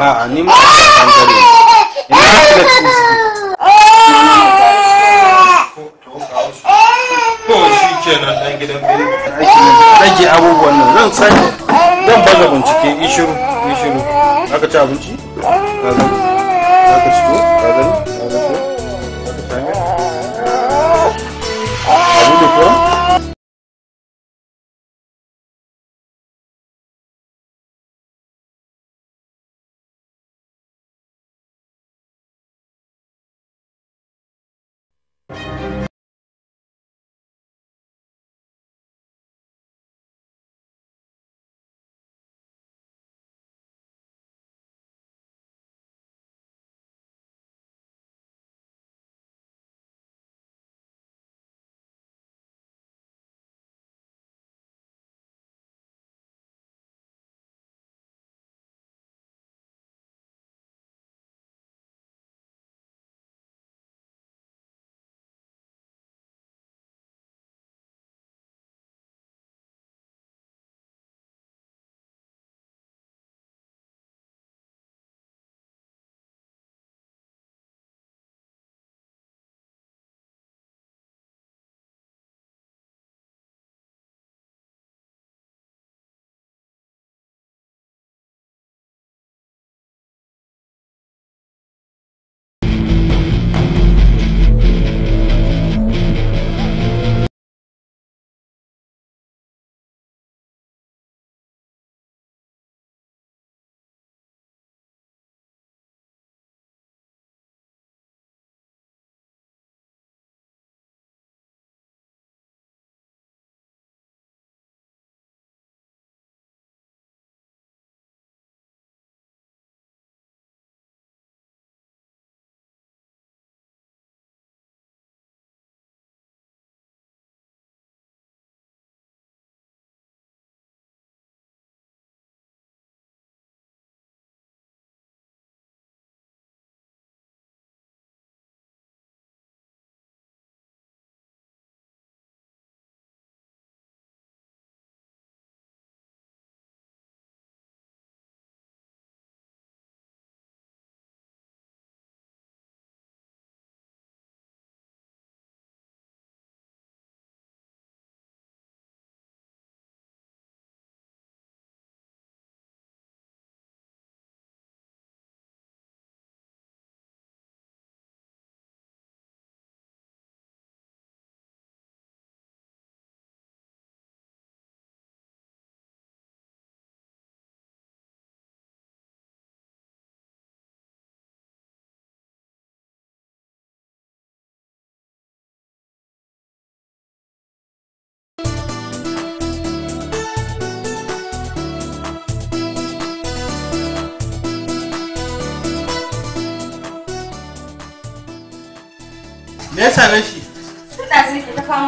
a'a ni ma ta ina ka tsisi rage abubuwan nan zan sani baza bincike ishiru ishiru aka ci abinci aka ci same shi? kuka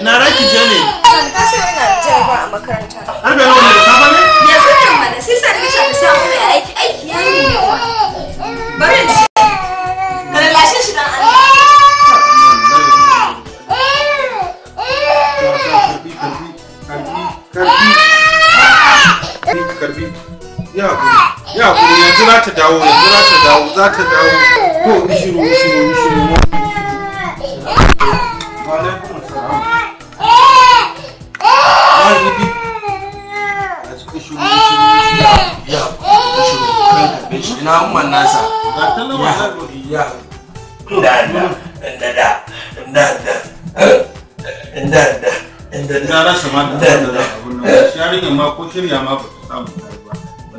Ina raki je ne? Ban kasa ina jarabawa a makaranta. Har da ba ne? Ya sanya mana sai sa ka ta sa mu aiki aiki ya ne. Bari ni. bari lashe shi dan Allah. Karbi, karbi, karbi, karbi, ya ya kuma yanzu za ta dawo yanzu za ta dawo za ta dawo ko bishiru bishiru bishiru alaikum salam ai ya da da da da da da da da da da da da da da da da da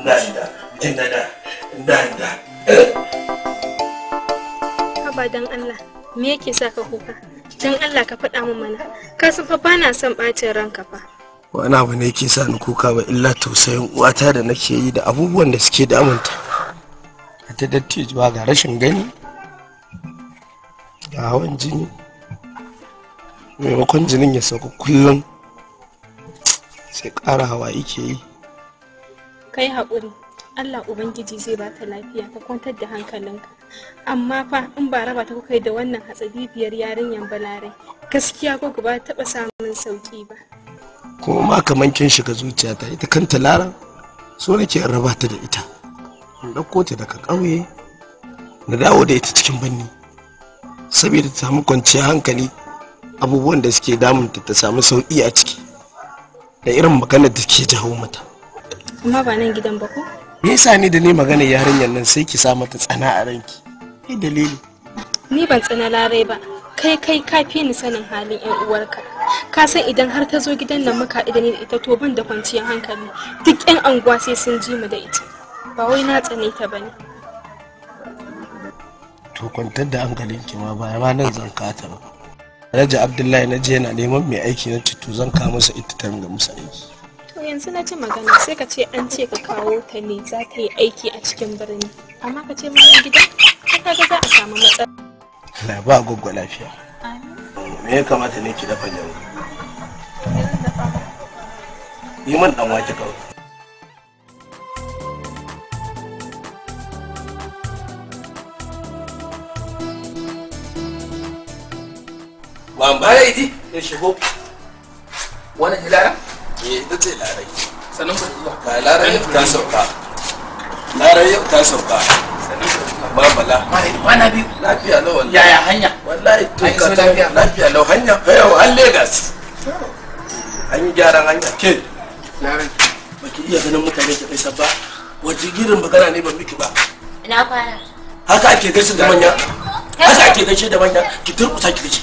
Ndanda, jindada, ndanda. Haba dan Allah, me yake sa ka kuka? Dan Allah ka faɗa min mana. Ka san fa bana son ɓacin ranka fa. Wani abu ne yake sa ni kuka ba illa tausayin uwata da nake yi da abubuwan da suke damunta. Ta dattijuwa ga rashin gani, ga hawan jini, maimakon jinin ya sauka kullum sai ƙara hawa yake yi. kai haƙuri allah ubangiji zai ta lafiya ka kwantar da hankalinka amma fa in ba raba ta kai da wannan hatsabibiyar yarinyar balare gaskiya ko ba taɓa samun sauki ba kuma ma kaman kin shiga zuciyata ita kanta lara so nake in raba ta da ita in ɗauko ta daga ƙauye na dawo da ita cikin birni saboda ta samu kwanciyar hankali abubuwan da suke damunta ta samu sauƙi a ciki da irin maganar da ke jawo mata amma ba nan gidan ba ko me yasa ni da ni magana yarinyar nan sai ki sa mata tsana a ranki kai dalili ni ban tsana larai ba kai kai ka fi ni sanin halin yan uwarka ka san idan har ta zo gidan nan muka idan da ita to ban da kwanciyar hankali duk yan anguwa sai sun ji mu da ita ba wai na tsane ta bane to kwantar da hankalinki ma ba ma nan zan kata ba Raja Abdullahi na je yana neman mai aiki na to zan kawo masa ita ta musa aiki yanzu na ci magana sai ka ce an ce ka kawo ta ne za ta yi aiki a cikin birni amma ka ce mana gida ka ga za a samu matsala Allah ba goggo lafiya me ya kamata ne ki dafa yau yi man dan wake kawai Ban bara idi ya shigo wani eh ita ce larai sannan ba larai ta sauka yau ta ba bala kwana biyu lafiya lau wallahi yaya hanya wallahi to ka lafiya hanya yau an legas an yi hanya ke larai baki iya ganin mutane ke kai ba wajen girin magana ne miki ba ina kwana haka ake gaishe da manya haka ake gaishe da manya ki turkusa ki gaishe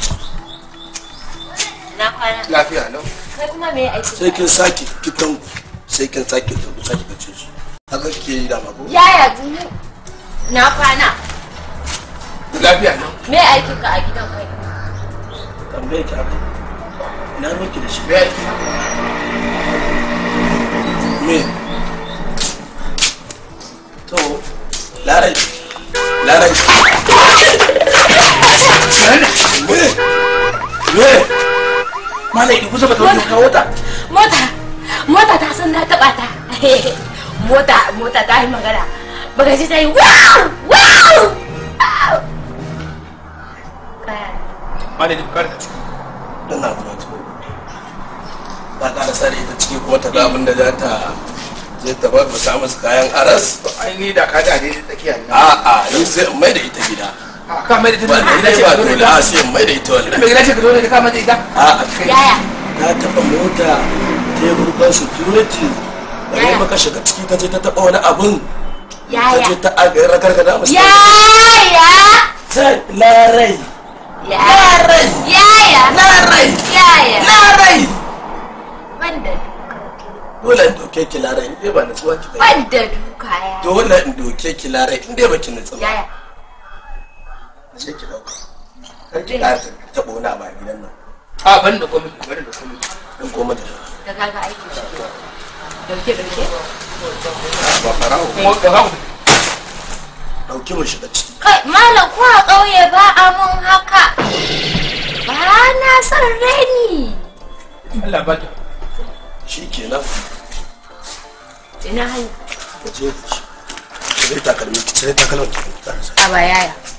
kwana lafiya sai kin sake kitan sai kin sake kitan ku sake kace su haka ke yi dama ko yaya dunu na kwana lafiya na me aiki ka a gidan kai tambaye ki haka na miki da shi me aiki me to lara lara me me malaki kusa ba ta wani kawo ta mota mota ta san na taba ta mota mota ta yi magana baka ji ta yi wow wow malaki ka da ciki dan na zuwa ciki ta ƙara sare ta ciki kuma ta ga abin da za ta je ta ba ta musu kayan aras to ai ni da ka da ne ta tsakiya a a ni sai mai da ita gida ka mai da ita wannan ita ce ba dole a sai mai da ita wannan mai ita ce ka dole ka mai da ita a yaya na taba mota tebur ban security ma maka shiga ciki ta je ta taba wani abun yaya ta je ta ragargada musu yaya zai larai larai yaya larai yaya larai banda dole in doke ki larai in ba na nutsuwa ki bai banda duka ya dole in doke ki larai in dai baki nutsuwa yaya sai ki dauka kar ki ƙara ta bona ba gidan nan a ban da komai ban da komai dan komai da ka ga aiki dauke dauke ba farawo kuma ka dauki mu shiga ciki kai malam ko a ƙauye ba a mun haka ba na san reni Allah ba ta shi kenan ina hanya ta je ki cire takalmi ki cire takalmi a ba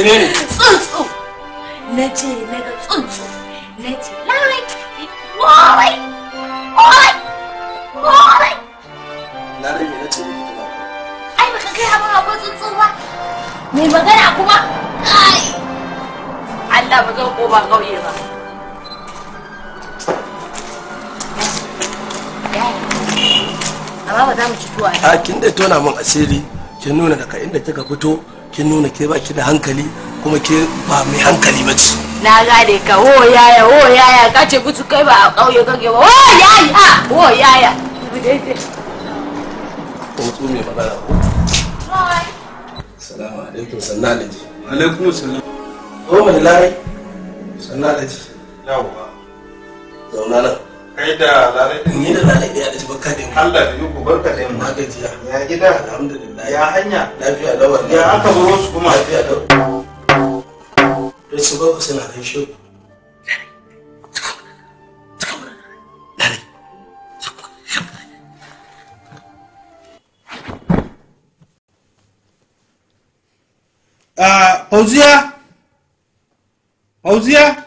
tsuntsu na ce na ga tsuntsu na ce lalai wai wai wai lalai me na ce ne kuma ai baka kai abin akwai tsuntsu ba mai magana kuma ai Allah ba zan ko ba ba amma ba za mu ci tuwa a kin da tona min asiri kin nuna daga inda kika fito kin nuna ke ba ki da hankali kuma ke ba mai hankali ba ce na gane ka wo yaya wo yaya ka ce butu kai ba a ƙauye kake ba wo yaya wo yaya Tsuntsu mai magana ko? Salamu alaikum sannan da ji. Alaikum salam. Ko mai larai? Sannan da ji. Yawwa. Zauna nan. Kai da larai ɗin. Ni da larai ɗaya da ji barkaɗe mu Allah da yuku barkaɗe mu gajiya ya gida alhamdulillah ya hanya lafiya da wannan ya aka baro su kuma lafiya da to su ba ku suna ah, kai shi Fauziya, Fauziya,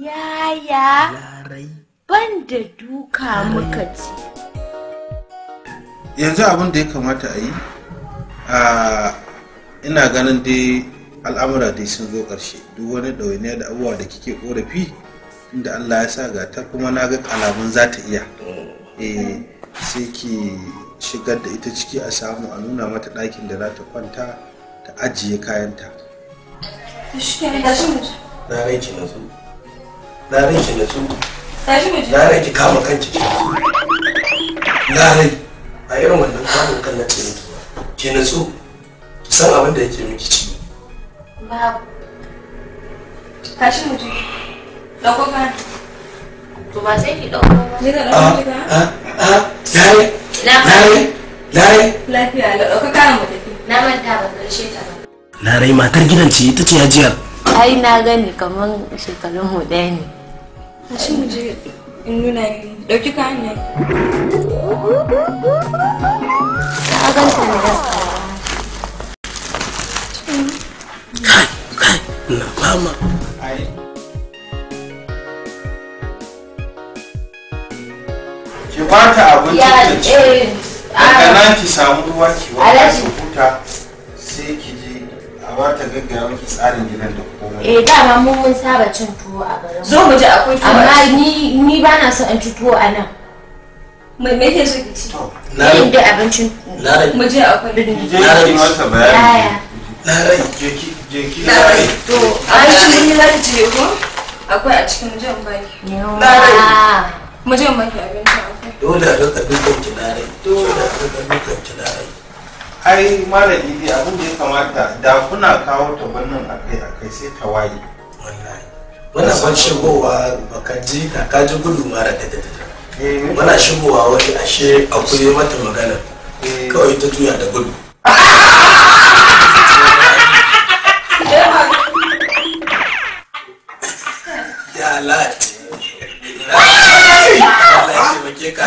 Yaya. Ban da duka muka ci. Yanzu abin da ya kamata a yi, ina ganin dai al'amura dai sun zo ƙarshe duk wani ɗawainiya da abubuwa da kike ƙorafi inda Allah ya sa ga kuma na ga alamun za ta iya. e sai ki shigar da ita ciki a samu a nuna mata ɗakin da za ta kwanta ta ajiye kayanta. Na na na rai ki na ki kama kanki ki na a irin wannan kamun kan na ce natsuwa ki natsu ki san abin da yake miki ci babu tashi mutum to ba sai ki ba ni da ah, ah, ah, ka Lafiya mu tafi. Na manta ba ta matar gidan ce ita ce ajiyar. Ai na gani kamar shekarun mu ne. Ashe mu je in nuna ne. Ta ganta ne Kai, kai, na fama. Ki bata abinci ki eh, Daga ah. nan ki samu ruwa ki wata su huta. ba ta gaggara miki tsarin gidan da komai eh dama mun mun saba cin tuwo a garin zo mu je akwai tuwo amma ni ni ba na son in ci tuwo a nan mai me ke so ki ci na rai da abincin na rai mu je akwai na rai ki mata bayani na rai je ki je ki na rai to abincin ni za ki ci ko akwai a cikin jan baki na rai mu je mu baki abincin akwai dole a rika dukan ki na rai dole a rika dukan ki na rai ai malami dai abin da ya kamata da kuna kawo tabannin akai akai sai ta waye wallahi wannan san shigowa baka ji ka ka ji gudu mara da dadi eh, wannan shigowa wani ashe akwai mata magana eh. kawai ta juya da gudu ya lati ya lati ke ka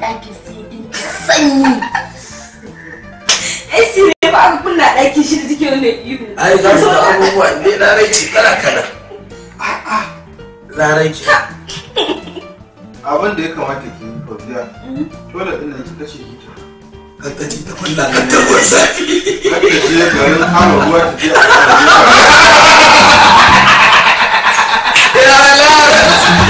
ɗakin sai dinka sanyi AC ne ba an kunna ɗakin shi da take wannan ihu ai za su da abubuwa ne na raici kala kala a'a na raici abin da ya kamata ki yi ko kwabiya mm-hmm. dole ɗin nan ki kashe ki kankaji ta kwalla na tabbas zafi kankaji ya garin hama ruwa ta je a kan ruwa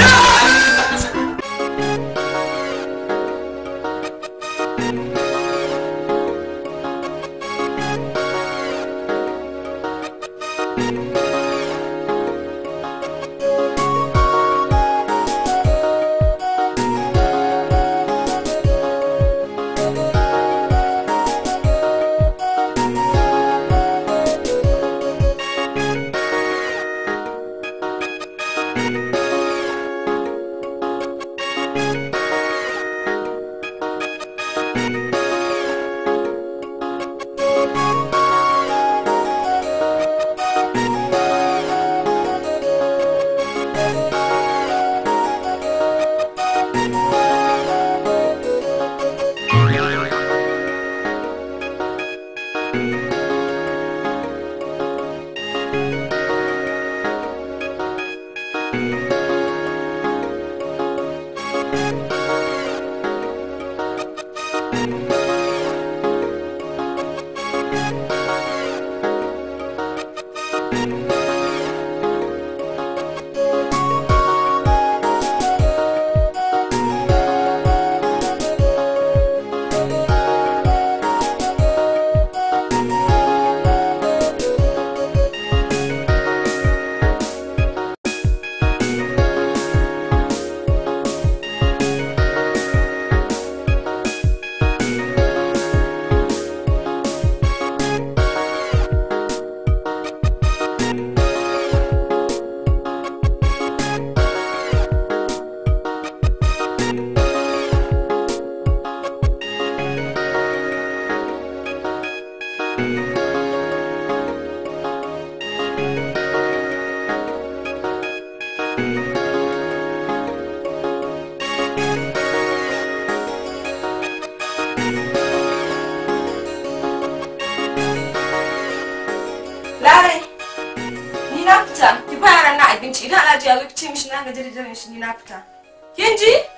Hajiya zo ki ce na gaji da shi ni na Kin ji?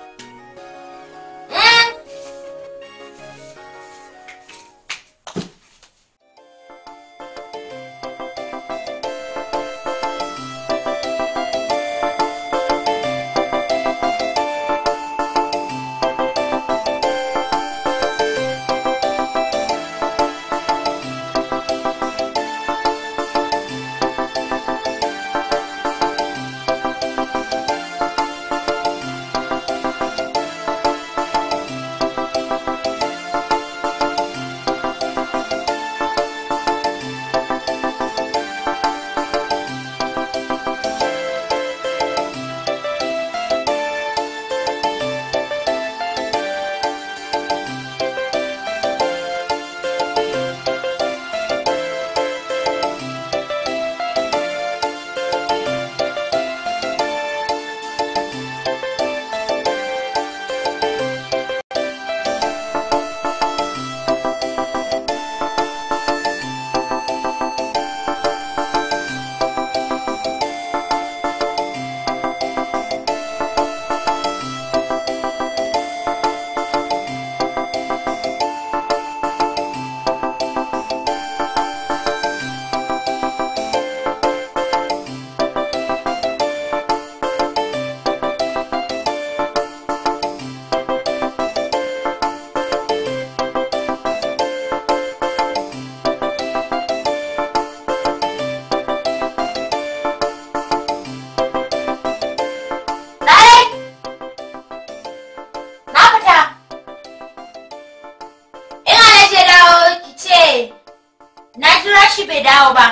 bai dawo ba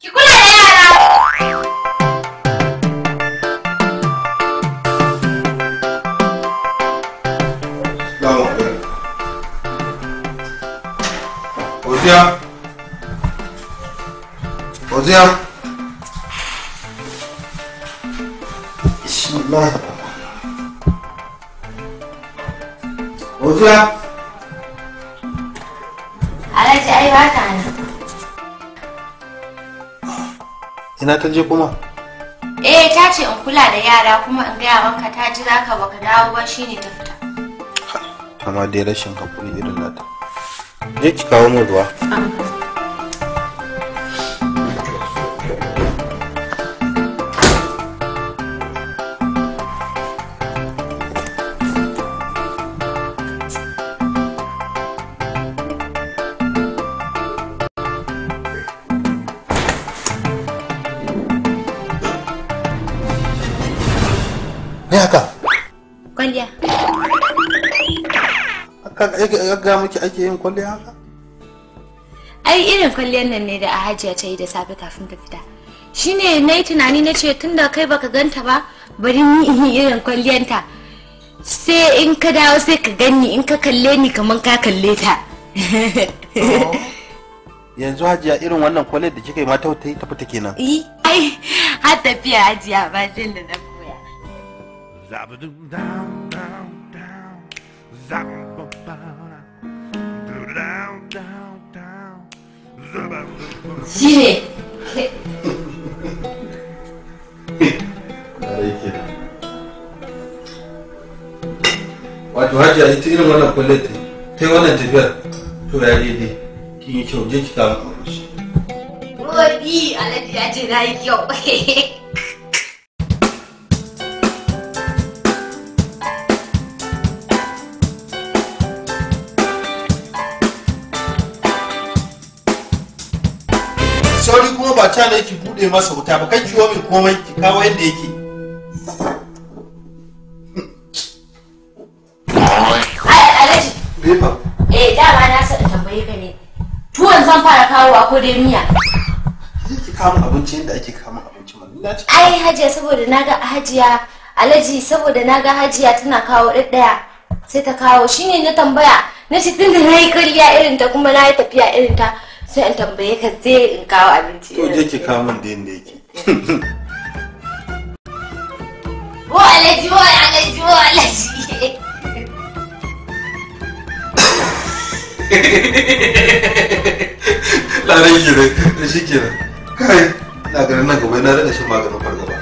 ki kula da yara Oziya Oziya Bismillah Oziya ina ta je kuma eh ta ce in kula da yara kuma in gaya wanka ta ji za ka baka dawo ba shine ta fita amma dai rashin hakuri irin nata je ki kawo mu ruwa ake yin kwalliya haka ai irin kwalliyar nan ne da a hajiya ta yi da safe kafin ta fita shi ne na yi tunani na ce tun da kai baka ganta ba bari ni irin kwalliyanta sai in ka dawo sai ka ganni in ka kalle ni kamar ka kalle ta oh. yanzu hajiya irin wannan kwalliyar da kika yi ma ta ta fita kenan ai har tafiya hajiya ba da na koya shi ne wato hajiya ita irin wannan kullum ta yi wannan tafiyar to ya daidai kin yi kyau je ki kawo abinci. Robi Alhaji ya ce na yi kyau. ta ne ki bude masa wuta ba kai kiwo min komai ki kawo yadda yake Eh dama na sa tambaye ka ne tuwon zan fara kawo a ko dai miya ki kama abinci yadda ake kama abinci ma ai hajiya saboda naga hajiya alaji saboda naga hajiya tana kawo ɗaya sai ta kawo shine na tambaya na ce tunda na yi karya irin ta kuma na yi tafiya irin ta sai an tambaye ka zai in kawo abinci to je ki kawo min da yanda yake wo alaji wo alaji wo alaji larai shi ne shi kenan kai na ganin nan gaba na rika shi maganin fargaba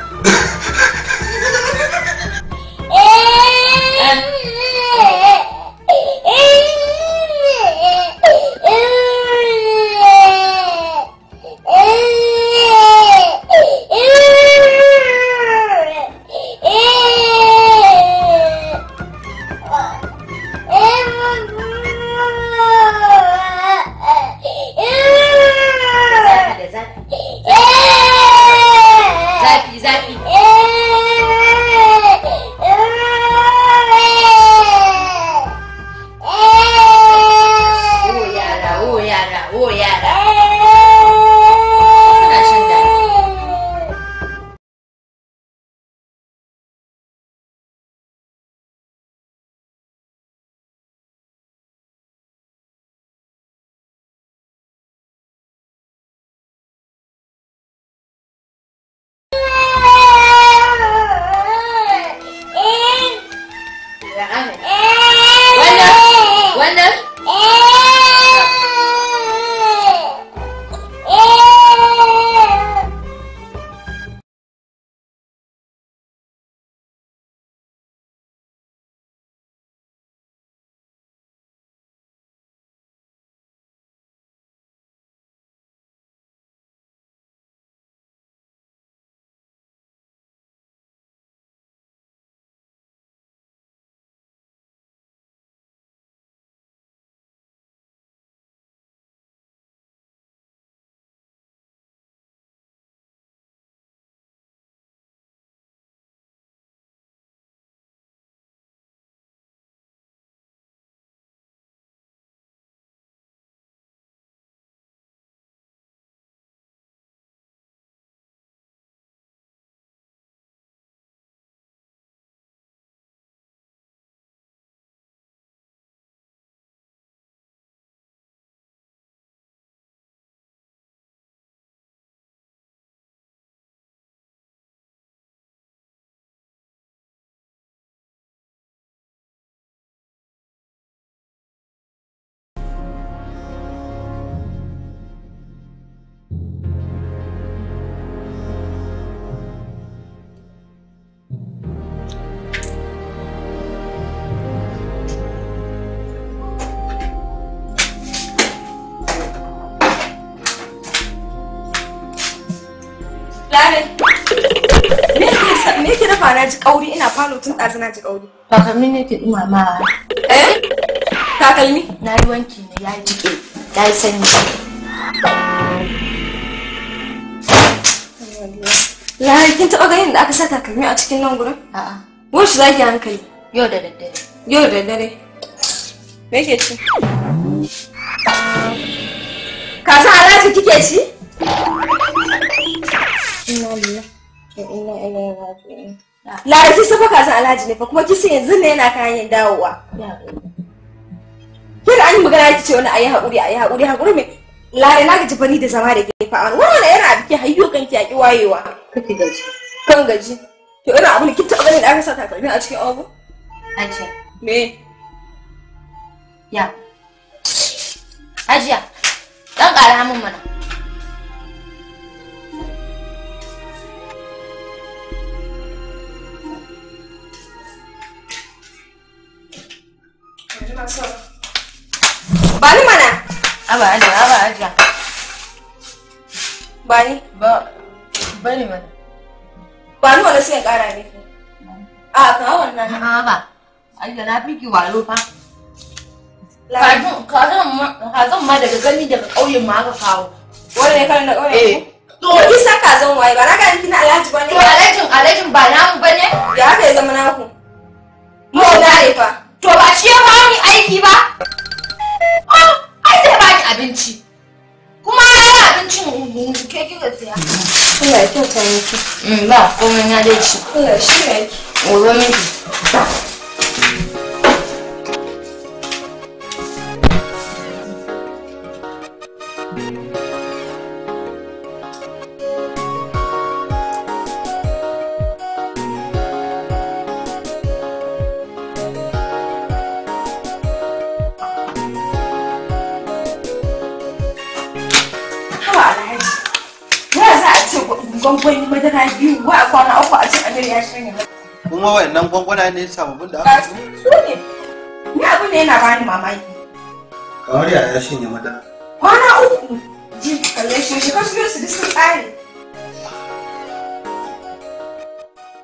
Larai. Me ke sa me na ji kauri ina falo tun ɗazu na ji kauri. Takalmi ne ke dumama. Eh? Takalmi? Na yi wanki ne ya jiƙe ya yi sanyi. Larai kin taɓa ganin da aka sa takalmi a cikin nan gurin? A'a. Washi za ki hankali. Yau da daddare. Yau da daddare. Me ke ci? Kaza alaji kike ci? Inna lillahi inna ilaihi san Alhaji ne fa kuma kisan yanzu ne yana kayan dawowa. Kira an yi magana ki ce wani ayi hakuri ayi haƙuri hakuri me Lare na gaji fani da zama da gefe an wannan yana biki hayyo kan ki yaki wayewa. Kake gaji. Kan gaji. To ina abun ki taɓa ganin da aka sa takalmi a cikin abu? Ajiya. Me? Ya. Ajiya. Dan ƙara min mana. bani mana aba ajiya aba ajiya ba ni ba bani ni mana ba ni wani sai kara ne a ka wannan a ba ajiya na fi ki walo fa kazan ma daga gani daga ƙauyen ma aka kawo wani ne kan da ƙauyen eh. to ki san kazan waye ba na ga kina alhaji ba ne to alhajin alhajin ba namu ba ya haka ya zama naku mu na ne fa To ba shi ya ni aiki ba? Oh, ai zai bani abinci. Kuma ya abincin ke kika tsaya. Allah ya kyauta miki. Mm, ba komai na dai ci. Allah shi ya yi. Gobe kuma wayannan gwangwana ne sababbin da aka su ne ni abin da yana bani mamaki kamar yaya shi ne mata kwana uku kalle shi shi kasu su su tsari. tsare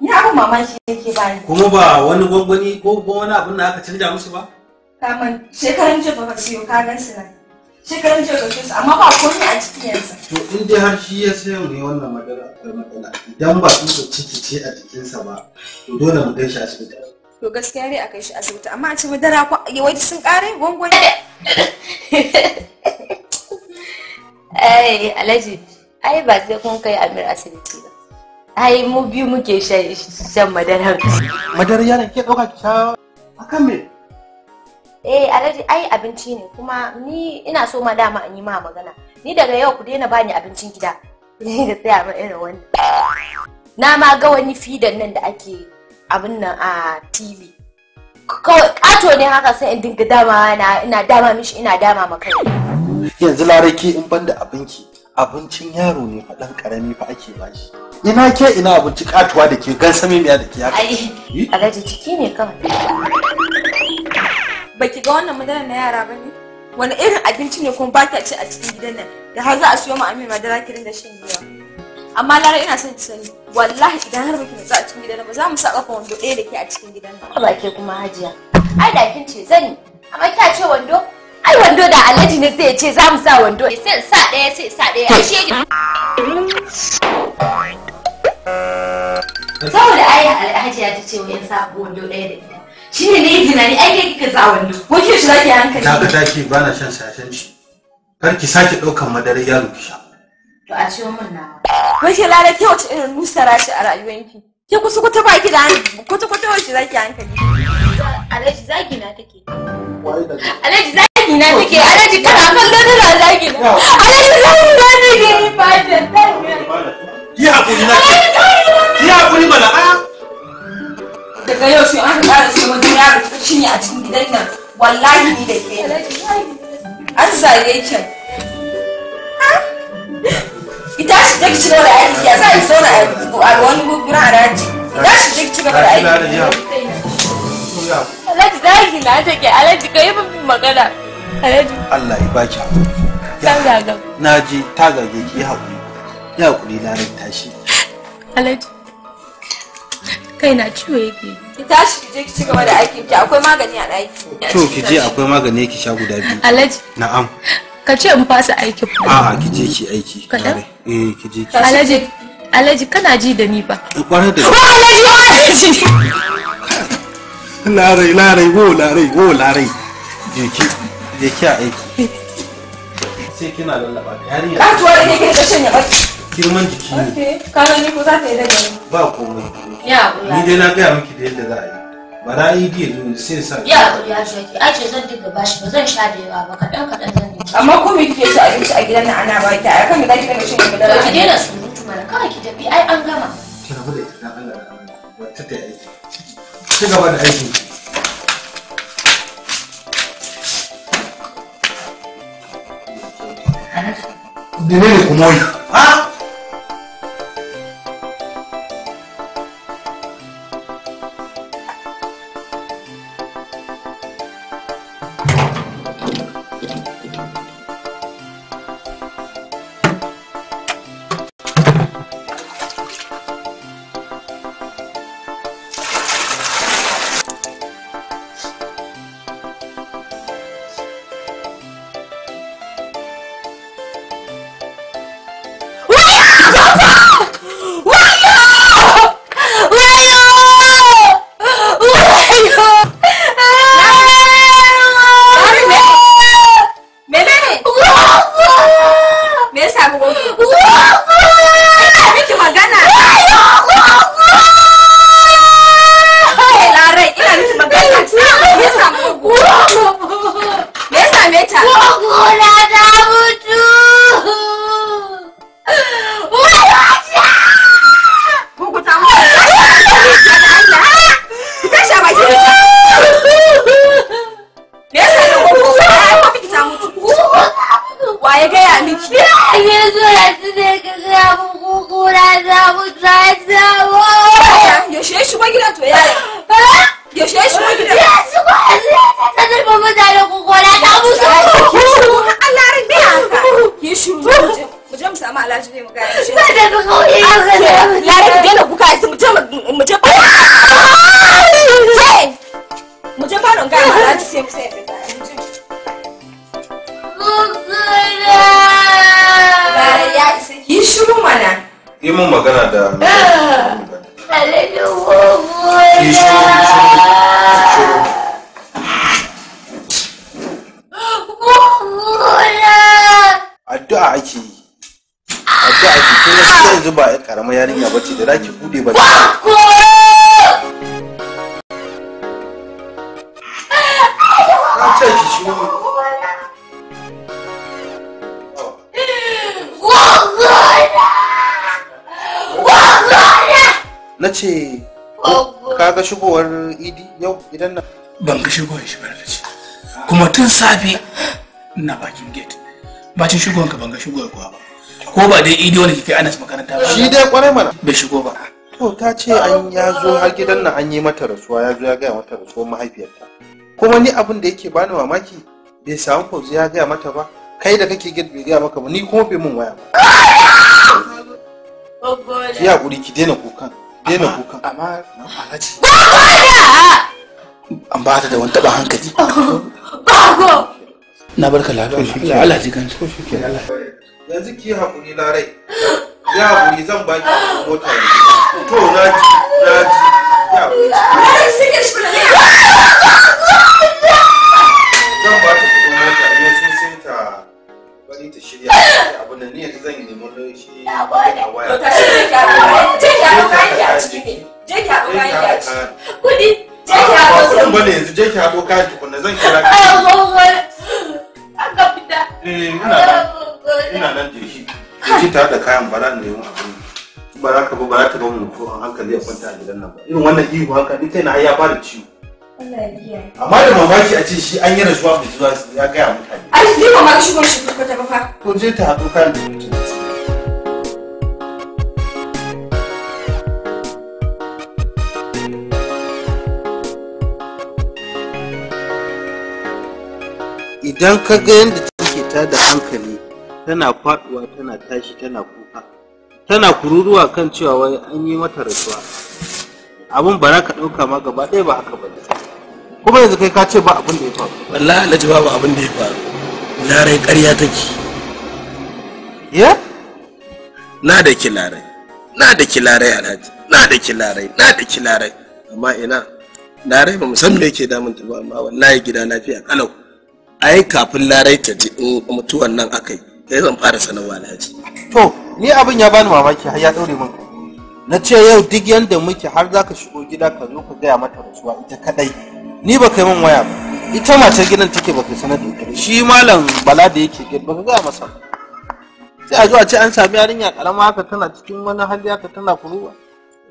ni abin mamaki yake bani kuma ba wani gwangwani ko wani abin da aka canja musu ba kamar shekaran jiya ba siyo kagan su nan shekaran jiya ɗauke su amma ba komai a ciki yanzu. to in dai har shi ya sayo ne wannan magana akwai madara, idan ba tsutsar ciki ce a jikinsa ba to dole mu kai shi asibiti. to gaskiya dai a kai shi asibiti amma a ce madara ko yawanci sun kare gwangwani. ai alhaji ai ba sai kun kai amir asibiti ba ai mu biyu muke shan madara madara yana ke ɗauka ki sha akan me eh alaji ai abinci ne kuma ni ina so ma dama in yi ma magana ni daga yau ku daina bani abincin gida ni da tsaya ma irin wani na ma ga wani fidan nan da ake abin nan a tv kawai kato ne haka sai in dinga dama na ina dama mishi ina dama ma kai yanzu lareki in banda abinki abincin yaro ne fa dan karami fa ake bashi ina ke ina abinci katuwa da ke gan samimiya da ke haka ai alaji ciki ne kawai baki ga wannan madara na yara ba ne wani irin abinci ne kuma ba ta ci a cikin gidan nan da har za a siyo ma amin madara ki da shan giya amma lara ina son ki sani wallahi idan har baki matsa a cikin gidan nan ba za mu sa kafa wando ɗaya da ke a cikin gidan nan ba ke kuma hajiya ai da kin ce zani amma kya ce wando ai wando da alhaji ne zai ce za mu sa wando sai sa ɗaya sai sa ɗaya ai shi saboda ai alhaji ya ce wayan sa wando ɗaya da ita shi ne na yi tunani ai kai kika sa wannan ko ki shi zaki hankali ta ga taki ba na shan sashen ci kar ki sake ɗaukan madarar yaro ki sha to a ciwon mun na ko ki lada ke wace irin nusara ce a rayuwanki ke kusa kuta ba ki da hankali kuta kuta wace zaki hankali alaji zaki na take alaji zaki na take alaji kana kallon nuna zaki na alaji zaki na take ba da yi hakuri na ki hakuri mana a daga yau sai an ƙara sai wani yaro shi ne a cikin gidan nan wallahi ni da ke an zage ki ita shi take ci gaba da aiki ya sa ki zauna a wani gugurin haraji ita shi take ci gaba da aiki Alhaji zagi na take Alhaji kai min magana Alhaji Allah ya baki haƙuri na ji ta zage ki hakuri ya haƙuri larin tashi Alhaji kai na ciwo yake ki tashi ki je ki cigaba da aikin ki akwai magani a ɗaki to ki je akwai magani ki sha guda biyu alhaji na'am ka ce in fasa aiki aikin a'a ki je ki aiki kaɗan eh ki je ki alhaji alhaji kana ji da ni ba kwarar eh, da ba alhaji alhaji larai larai wo larai wo larai je ki je ki a aiki sai kina lallaba yarinya ka tuwa da kake kashin ya baki girman jiki ne kaga ni ko za ta yi daga ba komai ya ni dai na gaya miki da yadda za a yi bara idi ya zo sai sa ya ya shaki a ce zan dinga bashi ba zan sha da yawa ba kaɗan kaɗan zan yi amma ko me kike ci abinci a gidan nan ana ba ki a kan me za ki dinga shin da ba ki daina surutu mana kawai ki tafi ai an gama ki rabu da ita dan Allah wata ta aiki ci gaba da aikin ki Menene kuma yi? Ha? Ah! mun magana da ban ga shigowan shi da ci kuma tun safe ina bakin gate cin shigowan ka ban ga shigowan kuwa ba ko ba dai idi e wanda kike anas makaranta ba shi dai kwarai mana bai shigo ba to ta ce an ya zo har gidan nan an yi mata rasuwa ya zo ya gaya mata rasuwar mahaifiyarta kuma ni abin da yake bani mamaki bai samu ko ya gaya mata ba kai da kake gate bai gaya maka ba ni kuma bai mun waya ba ya guri ki daina kukan daina kukan amma na alaji an ba ta da wani taɓa hankali. Bago! Na barka lafiya. Allah ji kan shi. Yanzu ki haƙuri larai. Ya haƙuri zan ba ki mota ne. To na ji na ji. Ya haƙuri. Zan ba ta kuɗin mota ne sun sai ta bari ta shirya abin da ne zan nemi shi a waya. ya shirya ka. Ya da ya yi a cikin dole yanzu je ki haɗo kayan tukunna zan kira ki aka fita eh ina ina nan da shi ki ta da kayan bara ne mu abin. Bara ka ba bara ta ba mu ko an hankali ya kwanta a gidan nan ba irin wannan ihu haka ni kai na har ya fara ciwo Allah ya amma da mamaki a ce shi an yi rasuwa mai zuwa ya gaya mutane ai shi mamaki shi ko shi ko ta ba fa to je ta haɗo kayan tukunna idan ka ga yadda take ta da hankali tana faduwa tana tashi tana kuka tana kururuwa kan cewa wai an yi mata rasuwa abin ba ka ɗauka ma gaba ɗaya ba haka ba kuma yanzu kai ka ce ba abin da ya faru wallahi alhaji babu abin da ya faru larai ƙarya take ya na da kilarai larai na da kilarai larai alhaji na da kilarai larai na da kilarai larai amma ina larai ba mu san me yake damun ta ba amma wallahi gida lafiya kalau ai kafin larai ta ji in mutuwan nan aka yi kai zan fara sanarwa alhaji to ni abin ya bani mamaki har ya daure min na ce yau duk yanda muke har zaka shigo gida ka zo ka gaya mata rasuwa ita kadai ni ba kai min waya ba ita mace gidan take ba kai sanar da ita shi malam bala da yake gidan ba ka gaya masa sai a zo a ce an sami yarinya karama haka tana cikin wani hali haka tana kuruwa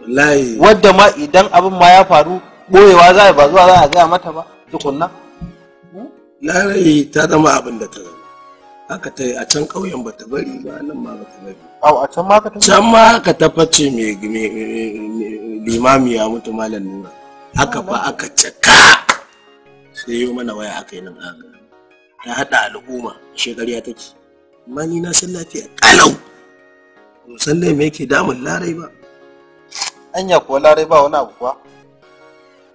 wallahi wadda ma idan abin ma ya faru boyewa za a ba zuwa za a gaya mata ba tukunna larai ta zama abin da ta zama haka ta yi. a can ƙauyen ba ta bari ba nan ma ba ta bari au a can ma ka ta can ma haka ta face mai limami ya mutu malam nura haka fa aka cika sai yi mana waya aka yi nan aka ta haɗa al'umma shekariya take amma ni na san lafiya ƙalau ba san dai me yake damun larai ba anya kuwa larai ba wani abu kuwa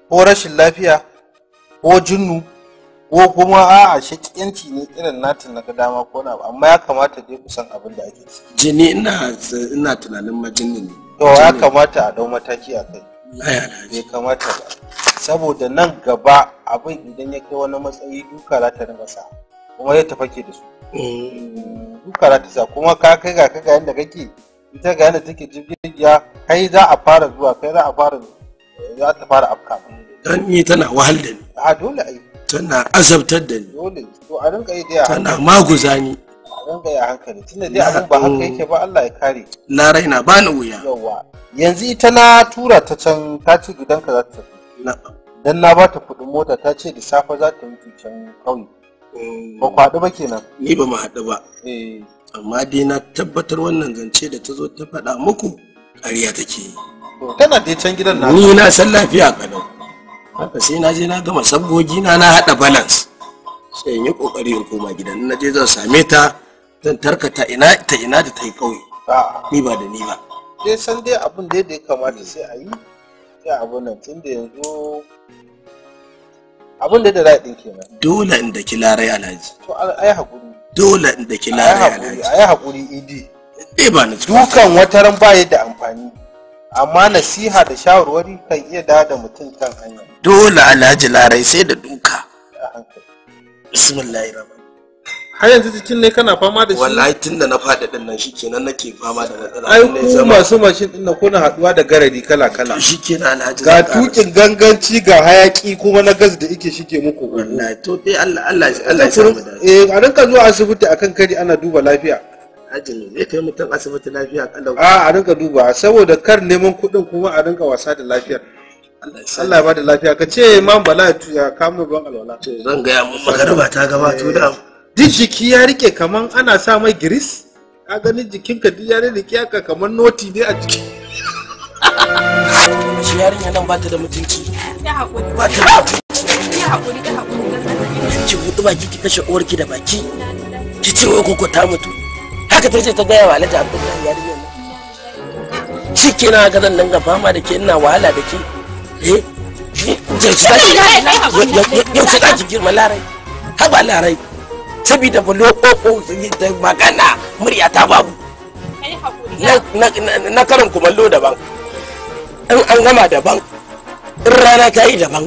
ko rashin lafiya ko jinnu ko kuma a shakiyanci ne irin natin na dama ko na amma ya kamata dai kusan abin da ake ciki jini ina ina tunanin majinin ne to ya kamata a dau mataki a kai bai kamata ba saboda nan gaba abin idan ya kai wani matsayi duka za ta rinka sa kuma ya ke da su mm. duka za ta sa kuma ka kai ga kaga yadda kake ita ga yadda take jirgiya kai za a fara zuwa kai za a fara za ta fara afka dan ni tana wahal da ni a dole ai tana azabtar da ni tana maguza ni na raina ba ni wuya yanzu ita na tura ta can ta ce gidanka za ta tafi dan na ba ta kudin mota ta ce da safe za ta mutu can kauye ba ku haɗu ba kenan ni ba mu haɗu ba eh. amma dai na tabbatar wannan zance da ta zo ta faɗa muku ƙarya take yi tana dai can gidan na ni na san lafiya kalau haka sai na je na gama sabgogi na na hada balance sai in yi kokari in koma gidan na je zan same ta zan tarkata ina ta ina da ta yi ƙauye ni ba da ni ba dai san dai abin da ya kamata sai a yi sai abu nan tun da yanzu abin da da za a ɗin kenan dole in da kilarai alhaji to ai hakuri dole in da kilarai alhaji ai hakuri idi ba ni dukan wataran ba yadda amfani amma nasiha da shawarwari kan iya dawo da mutum kan hanya dole alhaji larai sai da duka bismillahir har yanzu jikin ne kana fama da shi wallahi da na faɗi din nan shikenan nake fama da matsala ai ku masu mashin din nan kuna haduwa da garari kala kala shikenan alhaji ga tukin ganganci ga hayaki kuma na gas da yake shike muku wallahi to dai Allah Allah Allah ya samu da eh a rinka zuwa asibiti akan kari ana duba lafiya ajin zai kai mutum asibiti lafiya kalau a a rinka duba saboda kar neman kuɗin kuma a rinka wasa da lafiyar Allah ya bada lafiya ka ce man bala ya kama ruwan alwala to zan gaya mun magarba ta gabato eh. da jiki ya rike kaman ana sa mai giris ka gani jikinka duk ya rike ka kaman noti ne a jiki shi yarinya nan ba ta da mutunci ya hakuri ba ta da mutunci ya hakuri ya hakuri ki buɗe baki ki kashe uwarki da baki ki ce wai koko ta mutu haka ta ce ta gaya wa alhaji abdullahi yarinyar nan shi ke na haka zan dinga fama da ke ina wahala da ke eh yau shi ɗaki girma larai haba larai sabida ba lokoko da magana murya ta babu na karin kumallo daban in an gama daban in rana ta yi daban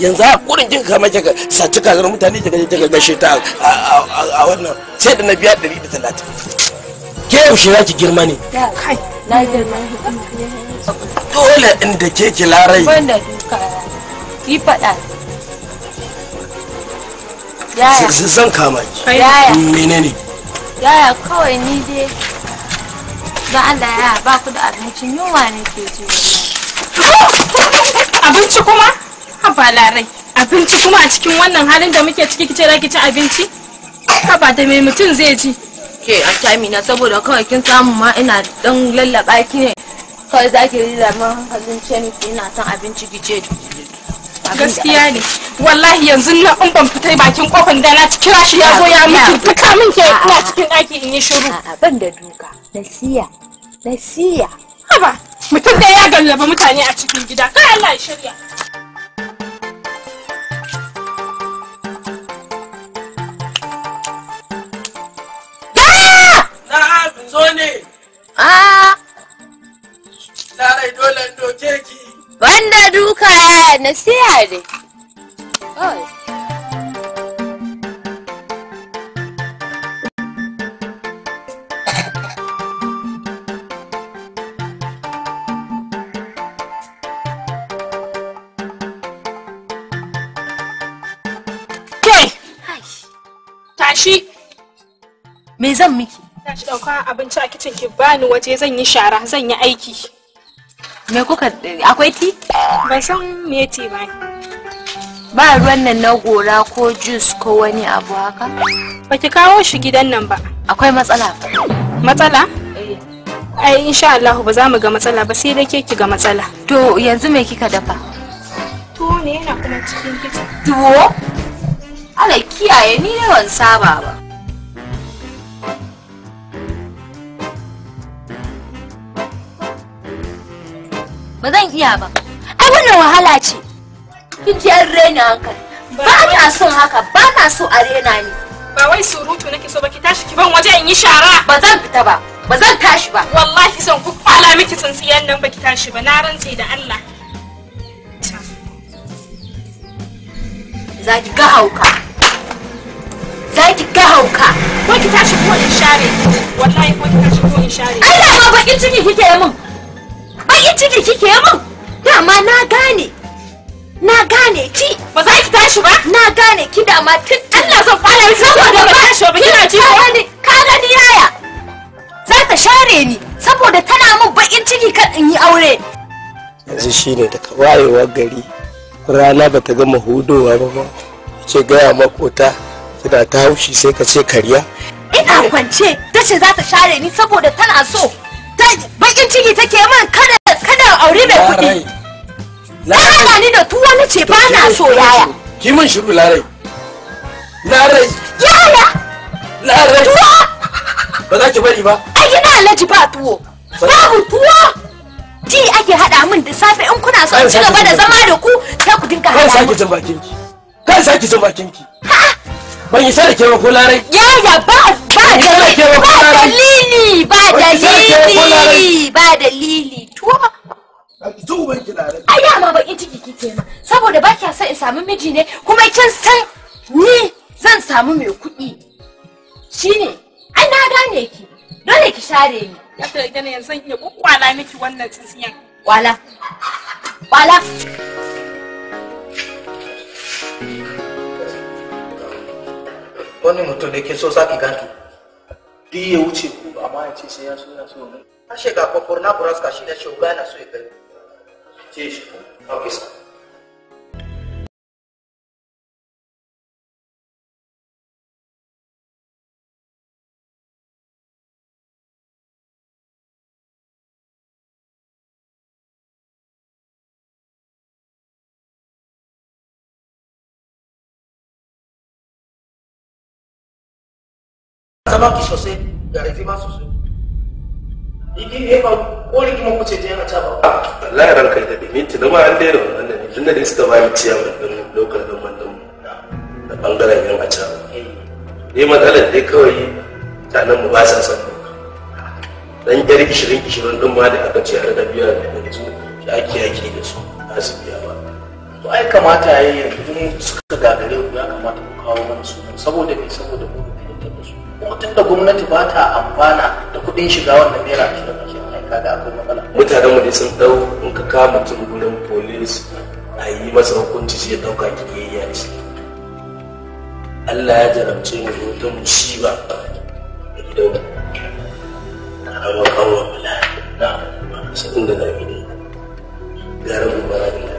yanzu a kurin jin kama kika saci kakar mutane kika je kika gashe ta a wannan sai da na biya dari da talatin ke yaushe za ki girma ne dole inda ke ki larai yi faɗa zan kama ki menene yaya kawai ni dai don Allah ya ba ku da abincin yunwa ne ke ji abinci kuma haba larai abinci kuma a cikin wannan halin da muke ciki kice ki ci abinci haba da mai mutum zai ji ke a amina saboda kawai kin samu ma ina dan lallaba ki ne kawai za ki mun zaman abinci ne ina son abinci ki gaskiya ne wallahi yanzu na in ban fita bakin kofar da na kira shi ya zo ya mutu duka min ke ina cikin ɗaki in yi shiru ban da duka nasiya nasiya haba mutum da ya gallaba mutane a cikin gida kai Allah ya shirya na siyare. tashi me zan miki tashi ɗauka abinci a kicin ki bani waje zan yi shara zan yi aiki me kuka akwai ti ba san me ti ba ba ruwan nan na gora ko juice ko wani abu haka ba ki kawo shi gidan nan ba akwai matsala matsala eh. ai insha Allah ba za mu ga matsala ba sai dai ke ki ga matsala to yanzu me kika dafa to ne yana kuma cikin kicin to ala kiyaye ni ne ban saba ba ba zan iya ba ai wannan wahala ce kin ji an rena hankali ba na son haka ba na so a rena ni ba wai surutu nake so ba ki tashi ki ban waje in yi shara ba zan fita ba ba zan tashi ba wallahi son ku kwala miki tsintsiyan nan ba ki tashi ba na rantse da Allah za ki ga hauka za ki ga hauka ko ki tashi ko in share wallahi ko ki tashi ko in share Allah ma bakin ciki kike min Firgici ciki kike min dama na gane na gane ki ba za ki tashi ba na gane ki dama tun Allah zan fara miki saboda ba tashi ba kina ji ko ka gani yaya za ta share ni saboda tana min bakin ciki kan in yi aure yanzu shine da wayewar gari rana ba ta gama hudowa ba ba ce gaya makota kina ta haushi sai ka ce karya ina kwance tace za ta share ni saboda tana so bakin ciki take min kada kada aure mai kuɗi Larai. hada ni da tuwo na ce ba na so ki min shiru larai larai yaya larai tuwo ba za ki bari ba ai ina alaji ba tuwo babu tuwo ji ake hada min da safe in kuna son ci gaba da zama da ku sai ku dinga hada min kan saki jin bakin ki kan saki jin bakin ki ban isa da kewa ko larai yaya ba ba dalili ba dalili ba dalili ba dalili tuwa tuwa ban ki larai ai ya bakin ciki kike ma saboda ba kya son in samu miji ne kuma kin san ni zan samu mai kuɗi shine ai na gane ki dole ki share ni yadda ita ne yanzu zan iya kukkwala miki wannan tsintsiyan kwala kwala wani mutum ne ke so saki ganki duk ya wuce ku amma ya ce sai ya so ya so ne na buraska shi ne shugaba yana so ya gani ce shi ma ki sosai da haifi ma sosai idi ne ba ko ta yana minti ma an daina wannan ne suka da bangaren yan kawai tanan ba sa dan yar ishirin ishirin aka a da da yanzu da su ba su biya ba to ai kamata yayi yanzu suka gagare kamata ku kawo mana sunan saboda me saboda mu da su kuma tun da gwamnati ba ta amfana da kuɗin shiga wannan naira ashirin ashirin ai kaga akwai matsala mutanen mu dai sun ɗau in ka kama mutum gurin a yi masa hukunci sai ɗauka kiyayya ce Allah ya jarabce mu da wata musiba da gidan na hawa kawo bila na sa'in da zafi ne gara mu gobara ne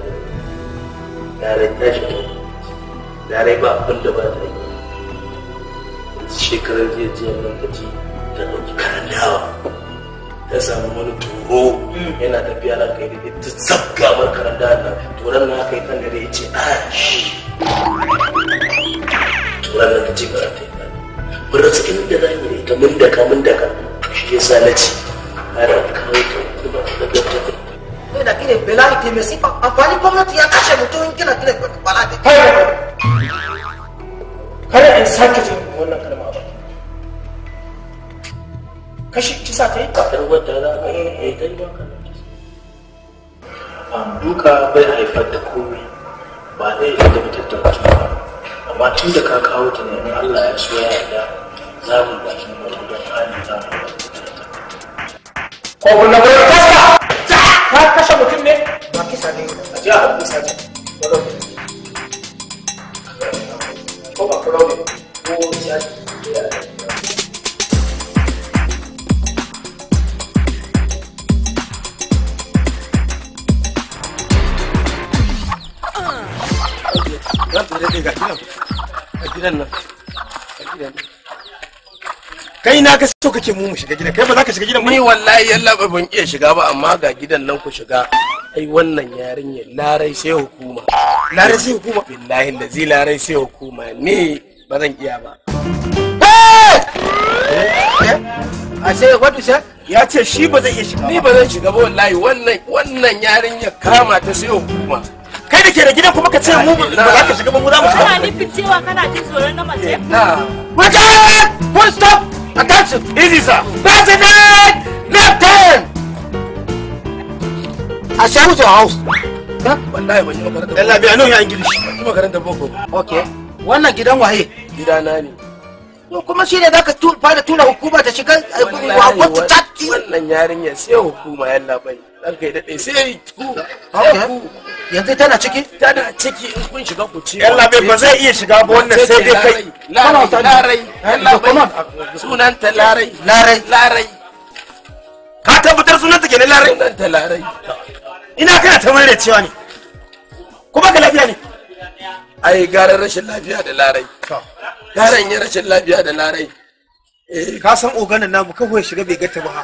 gara tashi gara ba abin da ba ta yi shekarar jiya jiya nan ka ji ta ɗauki kayan yawa ta samu wani turo yana tafiya nan kai da ta zabga bar karan dawa nan turan na aka yi kan gare ya ce ash turan nan ta ce ba ta yi mun rasa inda za mu yi ta mun daka mun daka shi ya sa na ci a an kawo ta kuma ta gabata yana kile bala'i ke mai sifa amfani gwamnati ya kashe mutum kina kile bala'i. Kare! Kare in sake jin wannan kalmar. kashi sa ta yi kafin wadda za ka yi eh, ta yi baka duka bai haifar da komai ba zai yi da mutum mutum ba amma tun da ka kawo ne, allah ya so ya yarda za mu baki wata don hali za mu baki ko kuna bai kasa ka kashe mutum ne ba kisa ne a ji a haɗu sa ce ko ba kuraune ko ya ce kai na ka so kake mu mu shiga gidan kai ba za ka shiga gidan mu. ni wallahi yalla ba ban iya shiga ba amma ga gidan nan ku shiga ai wannan yarinyar larai sai hukuma larai sai hukuma billahi lazi larai sai hukuma ne ba zan iya ba eh! Eh? Eh? ashe what is ya ce shi ba zai iya shiga ni ba zan shiga ba wallahi wannan wannan yarinyar kama ta sai hukuma kai da ke da gidan kuma ka ce mu ba za ka shiga ba mu za mu shiga kana nufin cewa kana jin tsoron na mace wake Full stop attention easy sir president left turn! a shamu to house wallahi ban yi makaranta Allah a nan ya ingilishi kuma karanta boko okay wannan gidan waye gidana ne to kuma shine zaka fara tura hukuma ta shiga hukunta tatti. wannan yarinya sai hukuma yalla bai ranka ya daɗe sai ya yi ku yanzu tana ciki tana ciki in kun shiga ku ci yalla bai ba zai iya shiga ba wannan sai dai kai larai larai sunan ta larai larai larai ka tabbatar sunan ta kenan larai sunan ta larai ina kana ta mare cewa ne kuma ka lafiya ne ai garan rashin lafiya da larai garan ya rashin lafiya da larai eh. ka san oganan namu kawai shiga bai gata ba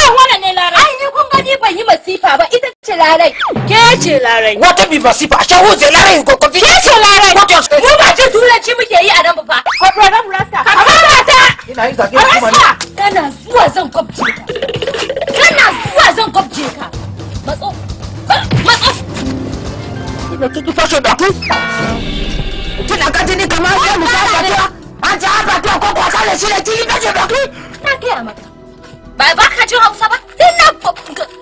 ban yi masifa ba ita ce larai. Ke ce larai. Wata bi masifa a shahu zai larai ko kofi. Ke ce larai. Mu ba ce turanci muke yi a nan ba fa. Ka fara ta. Ina yi zage Kana zuwa zan kwabce Kana zuwa zan kwabce ka. Matso. Matso. Ina kiki fashe da ku. Tana ka jini kamar sai mu sa ta. An ta ko kwa kale shi ne jini kaje baki. Na kai maka. Ba ba ka ji Hausa ba. Ina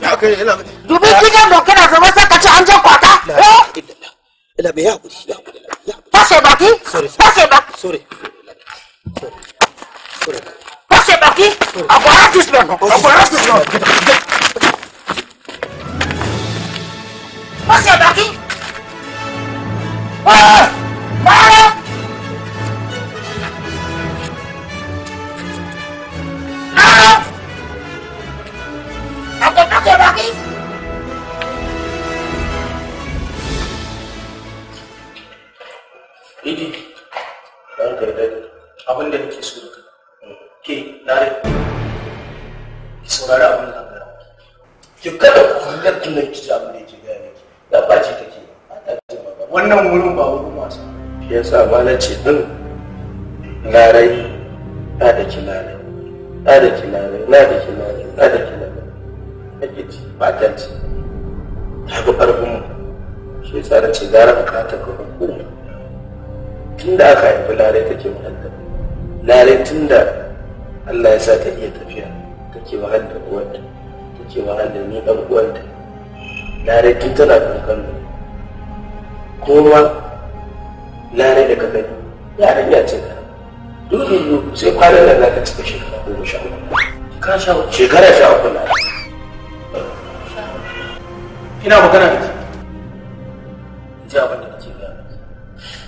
Dubi cikin doki na zama sai ka ci an jan kwata. Ila bai ya kudi ya kudi. Fashe baki? Fashe baki? Sorry. Sorry. Fashe baki? Abu Hafiz nan. Abu Hafiz nan. Fashe baki? Ah! Ah! saurari abin da ki kada ku kullum nan ki ci abin da yake gaya miki da ɓaci take ba ta ce ba wannan wurin ba wurin wasa shi yasa ba na ce din larai na da ki larai na da ki larai na da ki larai na da ki larai kake ci ba ta ci ta ga farkon mu shi yasa na ce gara ka ta ka hukuma tun da aka haifi larai take mu larai tun da Allah ya sa ta iya tafiya take wahal da uwanta take wahal da ni dan uwanta lare tun tana kankan kowa lare da ka gani yaran ya ce dudu sai kwanan nan za ka cika shekara goma sha uku ka sha uku shekara sha uku na ina magana da ke ji abin da kake gaya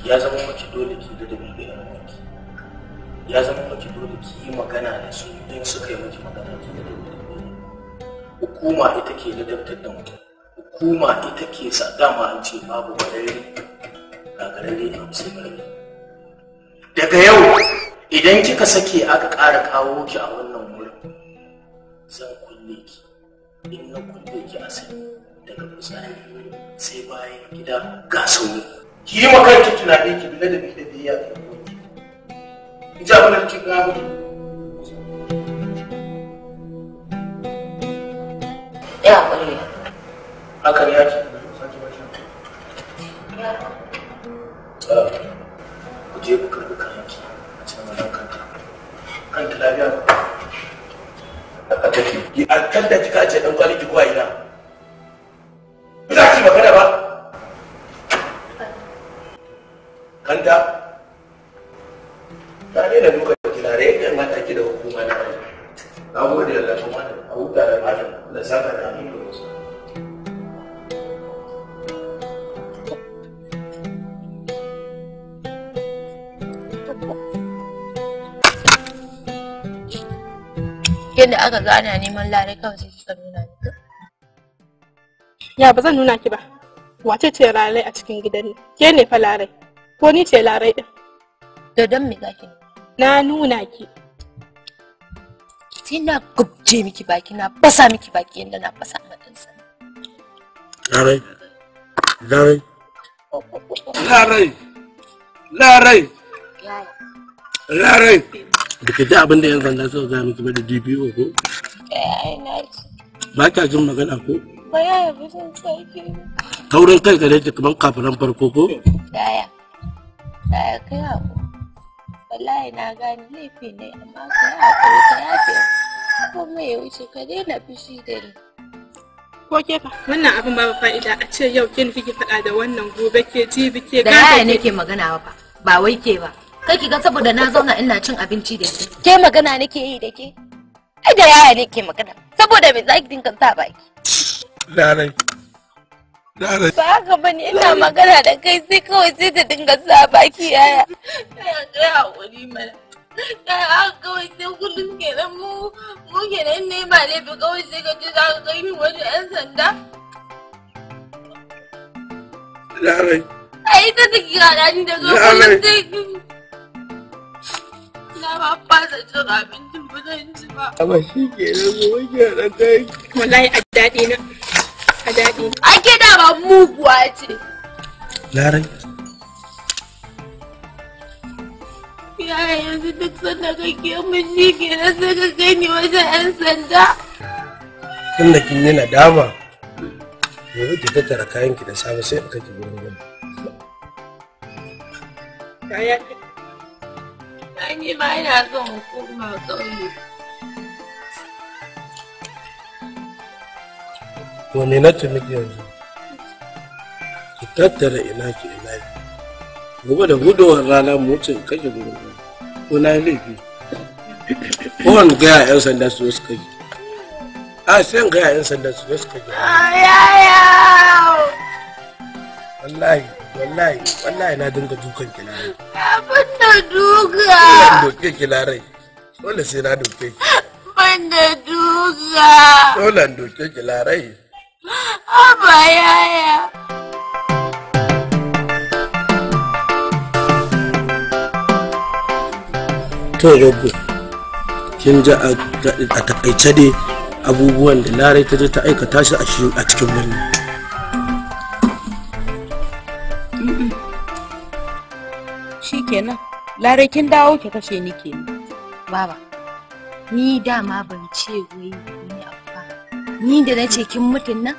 ya zama mace dole ki da dabi ga yan ya zama mace dole ki yi magana da su in suka yi miki magana ki da hukuma ita ke ladabtar da mutum hukuma ita ke sa dama an ce babu ga gagarare a sai barare daga yau idan kika sake aka ƙara kawo ki a wannan wurin zan kulle ki in na kulle ki a sai daga fitsari sai bayan gida ga sauri ki yi makarki tunani ki bi ladabi da biyayya ga ki ji abin da kika gano ya kulle hakan ya ce ku je ku karbi kayanki a cikin wannan kanta kanta lafiya a take a kanta kika ce dan kwaliki ko a ina za ki magana ba kanta ta ne da duka kilare yadda mata ki da hukuma na na gode da lafiya a huta da malam da saka da ni yadda aka gana neman lare kawai sai suka nuna ni ya ba zan nuna ki ba wace ce larai a cikin gidan ne ke ne fa larai ko ni ce larai din da dan me zaki na nuna ki sai na gubje miki baki na fasa miki baki yadda na fasa matan sa larai larai larai larai larai da ke da abin da yan sanda so gaya miki ba da dpo ko ba kya jin magana ko ba ya yabi sun sauke taurin kai gare ta kamar kafiran farko ko Yaya, yaya kai hako. wallahi na gane laifi ne amma ka yi hakuri ka yafe kuma ya wuce ka daina fushi da ni ko ke fa wannan abin babu fa'ida a ce yau kin kike faɗa da wannan gobe ke ji bike ga da ne ke magana ba ba wai ke ba kai ki ga saboda na zauna ina cin abinci da ke ke magana nake yi da ke ai da yaya nake magana saboda me zaki dinka sa baki lalai Ba haka ba ne ina magana da kai sai kawai sai ta dinga sa baki yaya. Ina ga haƙuri mana. Da haka kawai sai kullum nan mu mu nan ne ba laifi kawai sai ka ce za ka kai ni wani ɗan sanda. Larai. A ita ta kira da ni daga kullum sai Na ba fasa cin abincin ba zan ci ba. Amma shi kenan mu wani nan kai. Wallahi a daɗi na. ce. Larai. Yaya yanzu duk sanda kake mun shi ke ka kai ni wajen 'yan sanda. kin yi nadama, yanzu ki tattara kayanki da safe sai aka ki gurin na tuni yanzu? tattara ina ke ina gobe da gudowar rana mutum kake gudu ko na yi laifi kowane gaya 'yan sanda su su kai a sai gaya 'yan sanda su su kake wallahi wallahi wallahi na dinga dukan rai abin da duka ina doke rai dole sai na doke ban da duka dole doke kilarai Abba yaya. to babu kin ji a takaice dai abubuwan da larai ta je ta aikata shi a cikin birni shikenan larai kin dawo ki kashe ni ni baba ni dama ban ce wai wani abu ba ni da na ce kin mutun nan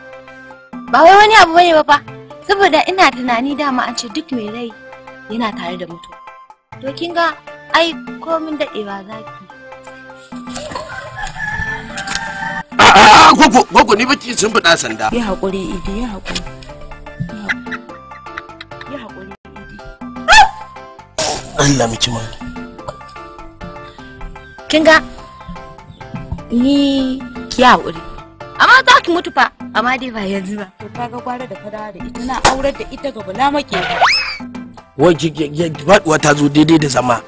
ba wai wani abu bane ba saboda ina tunani dama an ce duk mai rai yana tare da mutum to kin ga ai komin daɗewa zaki a'a ah, ah, gogo gogo ni baki sun fada sanda ya haƙuri idi ya haƙuri ya haƙuri idi Allah miki ma kin ni ki haƙuri amma za ki mutu fa amma dai ba yanzu ba to ga gwara da fada da ita na aurar da ita ga bula make wai faduwa ta zo daidai da zama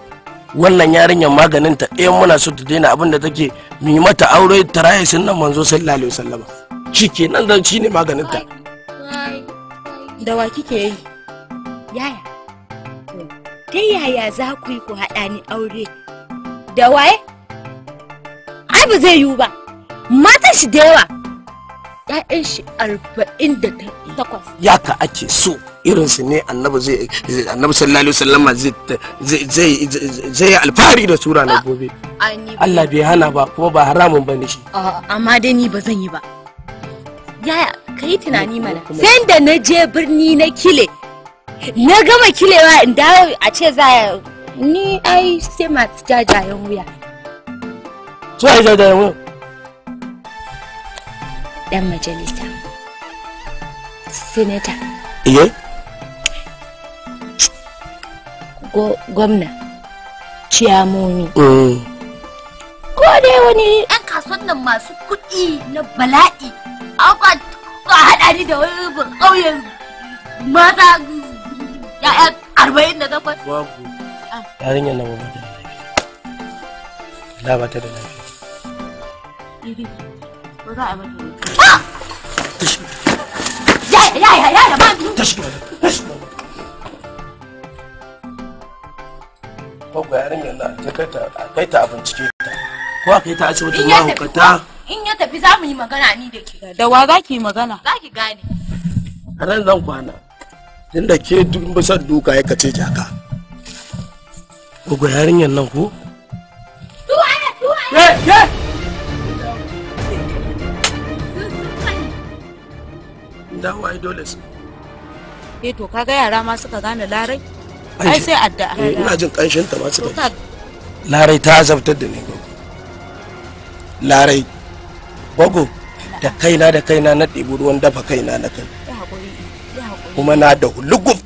wannan yarinyar maganin ta ɗaya eh, muna so ta daina abin da take mu mata aure ta raye nan manzo sallallahu alaihi wasallama ke nan zan shine maganin ta da wa kike yi yaya ta yaya za ku yi ku haɗa ni aure da waye ai ba zai yiwu ba Mata shi da yawa 'ya'yan shi arba'in da ta yaka ake so irin su ne annabi zai annabi sallallahu alaihi wasallam zai zai zai alfahari da sura na gobe ah, Allah bai hana ba kuma ba haramun bane shi ah, amma dai ni ba zan yi ba yaya kai tunani mana sai da na je birni na kile na gama kilewa in dawo a ce za ni ai sai masu jajayen wuya su ai jajayen wuya dan majalisa Senator. Iye? Eh? Gwamna. Ciyamomi. Mm. Ko dai wani yan kasuwan nan masu kuɗi na bala'i. Aka haɗa ni da wani ƙauyen mata arba'in da takwas. Babu. Ah. Yarinyar nan ba da lafiya. La da ba za a yi mata wani. Ah! Kwakwa yarinyar na ta kai ta bincike ta. Ko a kai ta asibitin mahaukata. In ya tafi za mu yi magana ni da ke. Da wa za ki magana? Za ki gane. A nan zan kwana. Tunda ke duk bisan duka ya kace jaka. Kwakwa yarinyar nan ko? Tuwa ne, tuwa ne. dawo ai dole su eh to kaga yara ma suka gane larai ai sai adda eh, ina jin kanshin ta ma suka larai ta azabtar da ni larai gogo da kaina da kaina na ɗebi ruwan dafa kaina na kai kuma na da hulugub